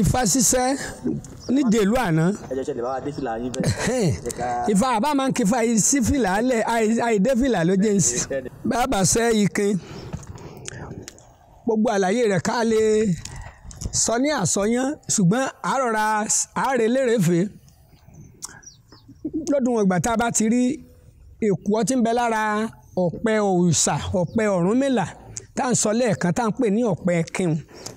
ifá ṣiṣẹ́ nídèlú àná ifá àbá máa ń kí ifá yìí sí fìlà alẹ́ àìdé fìlà ló jẹ́ nsí bàbá sẹ́ ikin gbogbo àlàyé rẹ̀ ká lè sọ ní àsọyán ṣùgbọ́n àrọ̀ra àrèlérèfé lọ́dún ọgbà tá a bá ti rí èkó ọtí ń bẹ lára ọ̀pẹ òòṣà ọ̀pẹ ọ̀rúnmìlà tá à ń sọ lẹ́ẹ̀kan tá à ń pè ní ọ̀pẹ kírun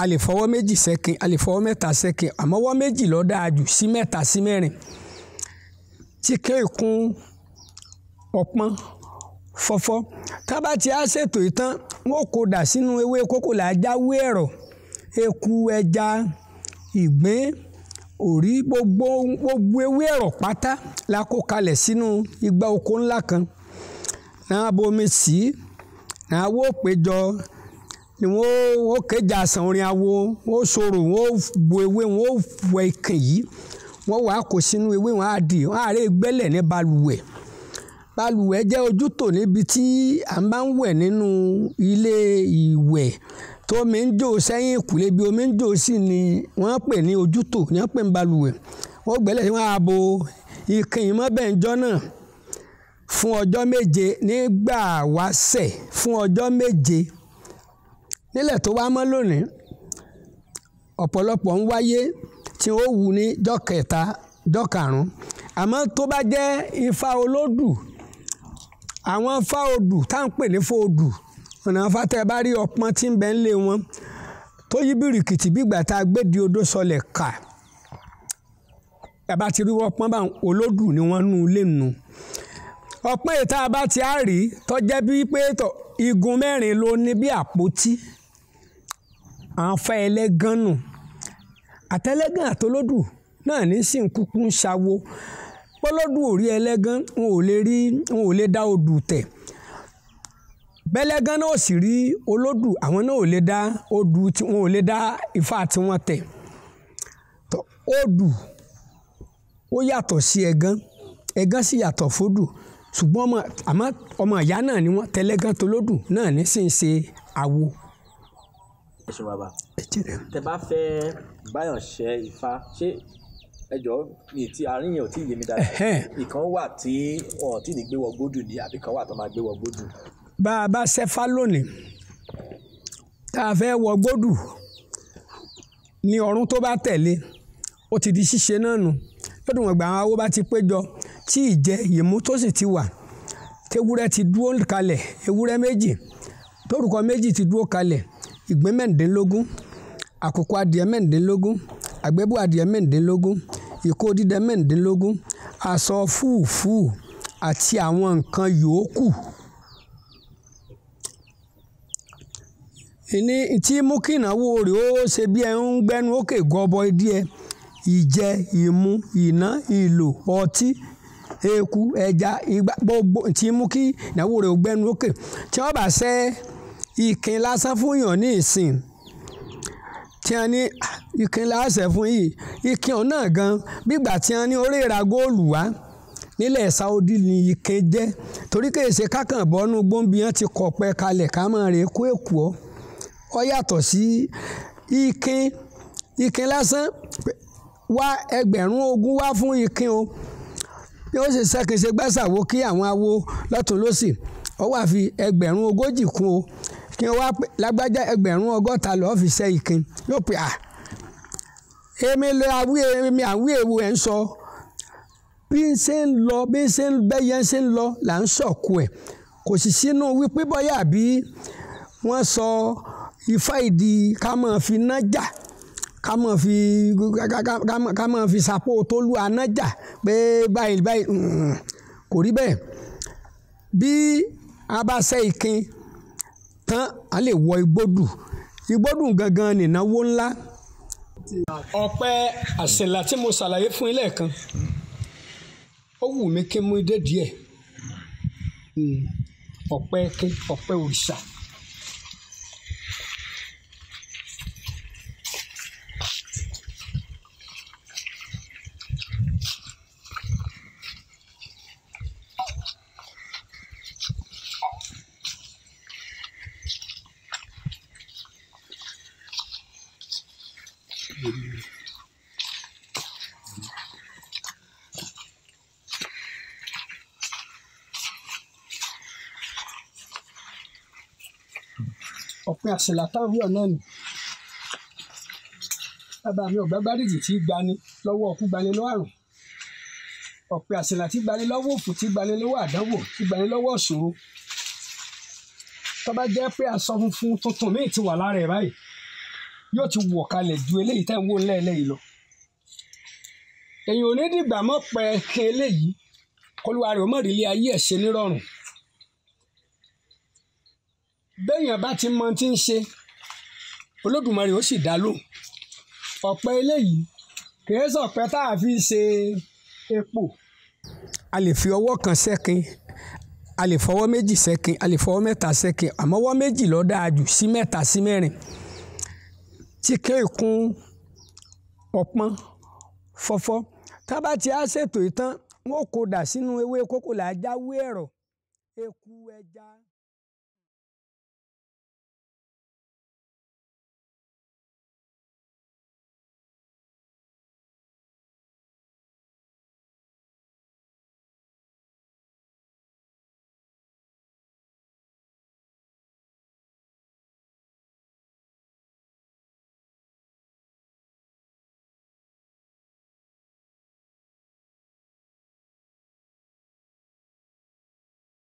a lè fọwọ́ méjì sẹ́kin a lè fọwọ́ mẹ́ta sẹ́kin àmọ́ ọwọ́ méjì ló dáa jù sí mẹ́ta sí mẹ́rin tí kéèkún ọpọ́n fọ́fọ́ tábà tí a ṣètò ìtàn wọn kò dà sínú ewé kókò là á jáwé ẹ̀rọ eku ẹja ìgbín òrí gbogbo gbogbo ewé ẹ̀rọ la kó kalẹ̀ sínú igbá oko ńlá kan náà bomi sí náà wó ni wọ́n ó kéjà àsàn orin awo wọ́n ó sọ̀rọ̀ wọ́n ó bu ewé wọ́n ó wọ ikàn yìí wọ́n wàá kó sínú ewé wọn á dì wọ́n á gbẹ́lẹ̀ ní balùwẹ̀ balùwẹ̀ jẹ́ ojútò níbi tí a máa ń wẹ̀ nínú ilé ìwẹ̀ tó omi ń jò sẹ́yìn ìkùlé bí omi ń jò sí ni wọ́n pè ní ojútò ni wọ́n pè ní balùwẹ̀ wọ́n gbẹ́lẹ̀ wọn á bo ìkànnì mọ́bẹ̀ẹ́jọ́ náà fún ọjọ́ méje nígbà wáṣẹ̀ fún ọjọ́ méje nílẹ̀ tó wá mọ́ lónìí ọ̀pọ̀lọpọ̀ ń wáyé tí ó wù ní dọ́kẹta dọ́karùn-ún àmọ́ tó bá jẹ́ ifá olódù àwọn fá odù tá à ń pè ní fá odù ọ̀nà afátẹ́ bá rí ọpọ́n tí ń bẹ ńlé wọn tó yí bìrìkìtì bígbà tá a gbé di odó sọlẹ̀ kà bàbá ti rí ọpọ́n bá olódù ni wọ́n nú ilé nu ọpọ́n ètò abá ti á rí tọ́jẹ́ bíi pé igun mẹ́rin ló ní bí àpótí àǹfà ẹlẹ́gàn nù àtẹlẹ́gàn àtolódù náà ní sì ń kúkú ń ṣawo pọ́lọ́dù ò rí ẹlẹ́gàn n ò lè rí n ò lè dá odù tẹ̀ bẹ́lẹ́gàn náà ò sì rí olódù àwọn náà ò lè dá odù tí wọn ò lè dá ifá tí wọ́n tẹ̀ odù ó yàtọ̀ sí ẹ̀gán ẹ̀gán sì yàtọ̀ fódù ṣùgbọ́n ọmọ àmọ́ ọmọ ìyá náà ni wọ́n tẹ̀lẹ́gàn tolódù náà ní sì ń ṣe àwo ẹ ṣe bàbá tẹ bá fẹ́ báyọ̀ ṣe ifá ṣé ẹjọ mi ti àárín yẹn ò tí ì yé mi dáadáa ìkan wà tí wọn ò tí ì gbé wọ gbódù ni àbí kan wà tó máa gbé wọ gbódù. bá a bá ṣẹfá lónìí tá a fẹ́ wọ gbódù ní ọ̀run tó bá tẹ̀lé ó ti di ṣíṣe náà nù lọ́dún wọn gbà àwọn awó bá ti péjọ tí ìjẹ ìmú tó sì ti wà tewúrẹ́ ti dúró kalẹ̀ ewúrẹ́ méjì tórúkọ méjì ti dúró kalẹ̀ ìgbín mẹ́rìndínlógún àkùkọ adìẹ mẹ́rìndínlógún àgbébù adìẹ mẹ́rìndínlógún ìkó dídẹ mẹ́rìndínlógún aṣọ fúùfúù àti àwọn nǹkan yòókù. ìní tí mú kí ìnáwó rẹ̀ ó ṣe bí ẹ ń gbẹ́nu ókè gọbọ díẹ̀ ìjẹ ìmu ìná ìlò ọtí eku ẹja ìgbà gbogbo tí mú kí ìnáwó rẹ̀ ó gbẹ́nu ókè tí wọ́n bá ṣe é ìkín lásán fún yàn ní ìsìn tí wọ́n ní ah, ìkín láṣẹ fún yìí ìkín ọ̀hún náà gan gbígbà tí wọ́n ní orí ìra góòlù wá nílẹ̀ Saudi ni ìkín jẹ́ torí kèèṣe kákànbọ́nú gbòǹbì yẹn ti kọ̀pẹ́ kalẹ̀ ká máa rè kó èkó ọ́ ọ yàtọ̀ sí ìkín ìkín lásán wá ẹgbẹ̀rún ogún wá fún ìkín o bí ó ṣe ṣẹ́kìnṣe gbàṣàwó kí àwọn awo lọ́tún lọ́sì ọ wà fi ẹgbẹ̀rún ogójì kún o kí n wá lágbájá ẹgbẹ̀rún ọgọ́ta lọ́ọ́ fi ṣe ìkin yóò pè à èmi lè àwí èmi àwí èwo ẹ̀ ń sọ bí n ṣe ń lọ bí n ṣe ń bẹ́yẹ ń ṣe ń lọ là ń sọ̀kù ẹ̀ kò sì sínú wípé bọ́yà àbí wọ́n sọ ifá ìdí ká mọ̀ fi nájà ká mọ̀ fi ká mọ̀ fi sapó tó lù anájà pé báyìí báyìí kò rí bẹ́ẹ̀ bí a bá ṣe ìkin tán á lè wọ igbódù igbódù gangan nìnáwó ńlá. ọ̀pẹ àṣẹlà tí mo ṣàlàyé fún ilé kan ó wù mí kí n mú idé díẹ̀ hmm, ọ̀pẹ kí ọ̀pẹ òrìṣà. ọ̀pẹ àṣìlá táwọn yọ̀ náà nì bàbá mi ọ̀gbá Bárìjì tí gbani lọ́wọ́ ọ̀kú gbani lọ́wọ́ àrùn ọ̀pẹ àṣìlá tí gbani lọ́wọ́ òfò tí gbani lọ́wọ́ àdánwò tí gbani lọ́wọ́ ìṣòro tó bá jẹ́ pé aṣọ funfun tuntun míì ti wà lára ẹ̀ báyìí yóò ti wọ̀ kalẹ̀ ju eléyìí tẹ́ ń wò ńlẹ̀ eléyìí lọ. èyàn ò ní dìgbà mọ́ pẹ́ kí eléyìí kólúwa rẹ̀ ó mọ̀ rílé ayé ẹ̀ ṣe nírọ̀rùn. béèyàn bá ti mọ ti ń ṣe Olódùmarè ó sì dá lóhùn ọ̀pẹ eléyìí kìí sọ̀pẹ tá a fi ṣe epo. a lè fi ọwọ́ kan ṣẹ́kin a lè fọwọ́ méjì ṣẹ́kin a lè fọwọ́ mẹ́ta ṣẹ́kin àmọ́ ọwọ́ méjì ló dáa jù sí mẹ́ta sí mẹ́rin tíkẹ́ ìkun ọ̀pọ̀n fọ́fọ́ tá a bá ti á ṣètò ìtàn wọn kò dà sínú ewé kókò làá jáwé eku ẹja.